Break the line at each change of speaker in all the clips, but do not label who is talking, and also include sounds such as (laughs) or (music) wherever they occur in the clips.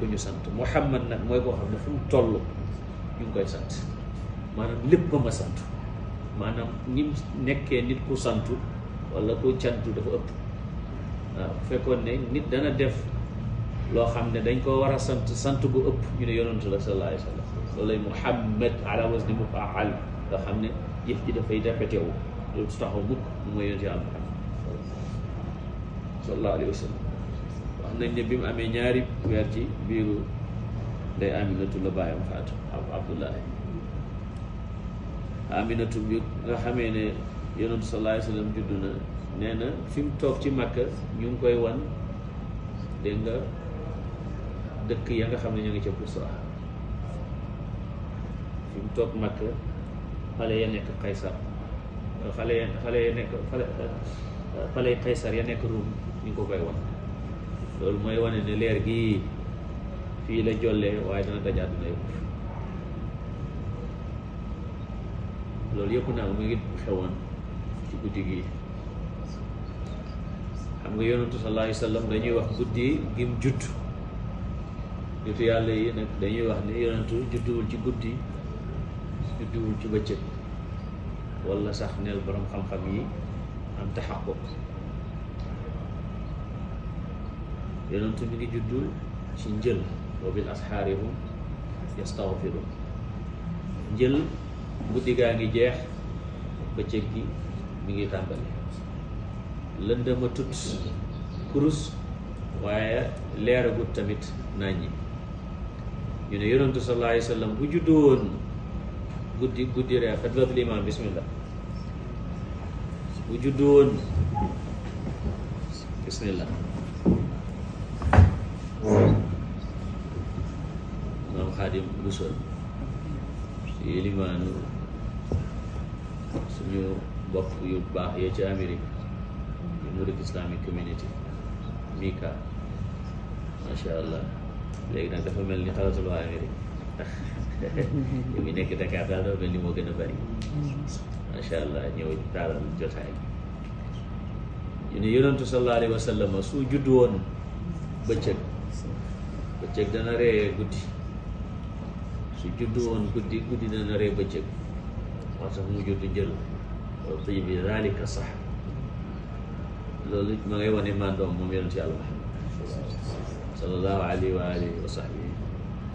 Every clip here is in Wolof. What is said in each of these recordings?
mooy ñu sant Muhammad nag mooy koo xam ne fu mu toll ñu ngi koy sant maanaam lépp ma sant maanaam ni nekkee nit ku santu wala ku cantu dafa ëpp waaw fekkoon ne nit dana def loo xam ne dañ koo war a sant sant bu ëpp ñu ne yonantu la sallallahu alayhi wa sallam loolay Muhammad ala wazni mufaal nga xam ne jëf ji dafay répété wu loolu taxaw mukk mu wax nañ ne bi mu amee ñaari weer ci biiru ndey aminatu la bàyyam faatu abdullahi aminatu bi nga xamee ne yonentu sallallahu alayhi wa sallam juddu na nee na fi mu toog ci makk ñu ngi koy wan dégg nga dëkk ya nga xam ne ñu ngi ca Busra fi mu toog makk xale ya nekk Kaysar xale ya xale ya nekk xale xale Kaysar ya nekk Rum ñu ngi ko koy wan loolu mooy wane ne leer gi fii la jollee waaye dana daj àdduna yëpp loolu yëpp nag mu ngi xewoon ci guddi gi xam nga yonentu sallallahu alayhi dañuy wax guddi gim judd nitu yàlla yi nag dañuy wax ni yonentu judduwul ci guddi judduwul ci bëccëg wala sax neel borom xam-xam yi am taxaqquq yonent mi ngi juddu ci njël wa asxaari hum yastaxfiruun njël guddi gaa ngi jeex bëccëg gi mu ngi tàmbali lëndëma tut kurus waaye leeragut tamit nàññi ñu ne yonentu sallallahu alayhi wa bu juddu woon guddi guddi reer fatlatul iman bismillah bu bismillah xaadim Buso ci limaanu suñu bokk yu baax yee ci Amérique yu Islamic Community mika macha allah léegi nag dafa mel ni xalatul waa Amérique (laughs) yu bi nekk Dakar daal dafa mel ni gën a bari macha allah ñëw taalal jotaay ñu ne yonentu sallallahu alayhi su judd woon bëccëg bëccëg dana guddi su juddu woon guddi guddi dana ree bëccëg moo tax mu juddu jël tëj bi zalika sax loolu ma ngay wane mandoom moom yonent yàlla Muhammad sallallahu alayhi wa alihi wa sahbihi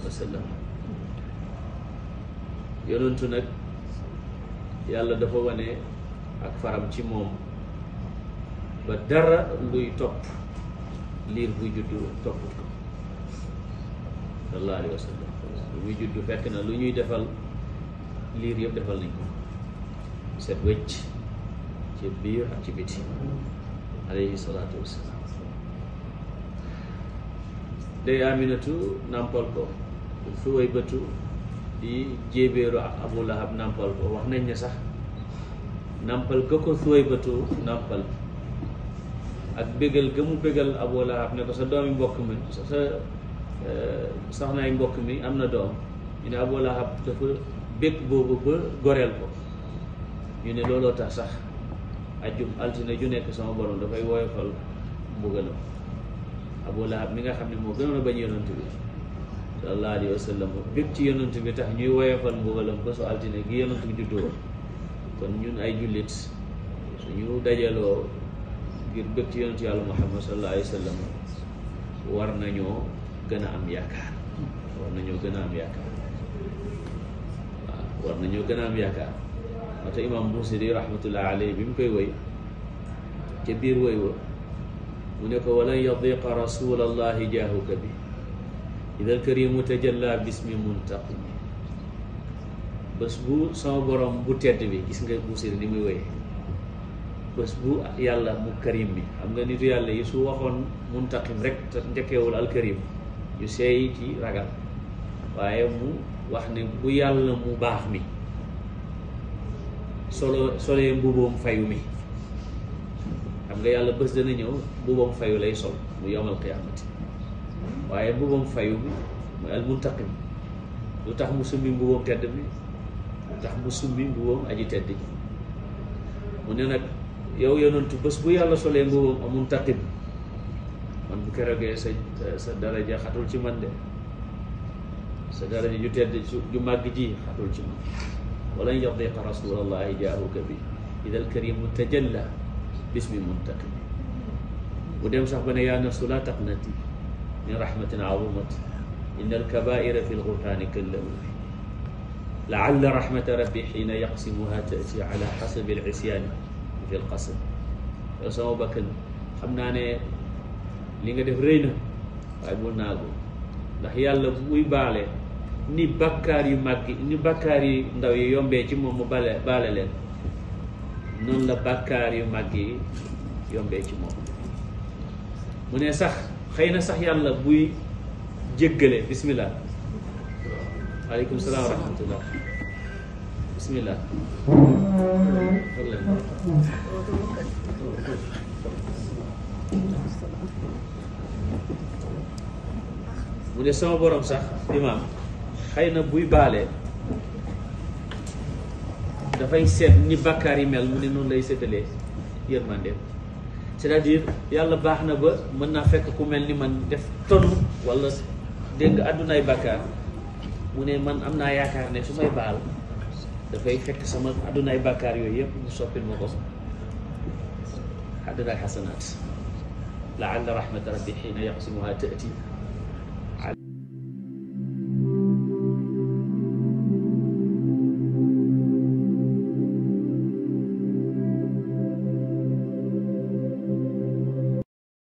wa sallam yonentu nag yàlla dafa wane ak faram ci moom ba dara luy topp liir buy juddu topput ko sallallahu alayhi wa sallam lu muy juddu fekk na lu ñuy defal liir yëpp defal nañ ko set wëcc ci biir ak ci biti alayhi salaatu wassalaam day aminatu nàmpal ko suway bëtu di jéebéeru abu lahab nàmpal ko wax nañ ne sax nàmpal ga ko suway bëtu nàmpal ak bégal ga mu bégal abu lahab ne ko sa doomi mbokk mi sa Euh, soxnaay mbokk mi am na doom ñu ne Abu Lahab dafa bëgg boobu ba goreel ko ñu ne looloo tax sax ajjum altine ju nekk sama borom dafay woyofal mbugalam Abu Lahab mi nga xam ne moo gënoon a bañ yonent bi sallallahu alayhi wa sallam bëgg ci yonent bi tax ñuy woyofal mbugalam ba su altine gi yonent bi juddoo kon ñun ay jullit suñu dajaloo ngir bëgg ci yonent yàlla Muhammad sallallahu alayhi wa sallam war nañoo gën a am yaakaar war nañoo gën a am yaakaar gën a am yaakaar moo imaam Busiri rahmatullah alayhi bi mu koy woy ca biir woy wa mu ne ko walan yadiqa rasulallahi jaahuka bi idal karimu tajalla bismi muntaqim bés bu sama borom bu tedd bi gis nga Busiri ni muy woyee bés bu yàlla mu karim bi xam nga nitu yàlla yi su waxoon muntaqim rek te njëkkeewul alkarim yu seey ci ragal waaye mu wax ne bu yàlla mu baax mi solo solee mbuboom fayu mi xam nga yàlla bés dana ñëw mbuboom fayu lay sol mu yomal qiyaamati waaye mbuboom fayu bi mu al muntaqim lu tax mu summi mbuboom tedd bi lu tax mu summi mbuboom aji tedd ji mu ne nag yow yonantu bés bu yàlla solee mbuboom al muntaqim man bu keroogee sa sa daraja xatul ci man de sa daraja ju tedd ju màgg ji xatul ci man walan yadiqa rasulallahi jaaruka bi idal karimu tajalla bismi muntaqim bu dem sax ba ne yaa nafsu laa taqnati min rahmatin azumat inna alkabaira fi lgufrani kallahu laalla rahmata rabbi xiina yaqsimuha taati ala xasabi alcisyani fi lqasam yow sama bakkan xam naa ne li nga def rëy na waaye bul naagu ndax yàlla muy baale ni bakkaar yu mag ni bakkaar yu ndaw yi yombee ci moom mu bale baale leen noonu la bakkaar yu mag yi yombee ci moom mu ne sax xëy na sax yàlla buy jéggale bismillah aleykum salaam wa rahmatullah mu ne sama boroom sax imaam xëy na buy baale dafay seet ni bàkkaar yi mel mu ne noonu lay séddalee yërmandeem c'est-à-dire yàlla baax na ba mën naa fekk ku mel ni man def tonu wala dégg àddunaay bàkkaar mu ne man am naa yaakaar ne su may baal dafay fekk sama àddunaay bàkkaar yooyu yëpp mu soppil ma ko àddunaay xasanaat laalla rahmata rabbi xiina yaqsimuha tati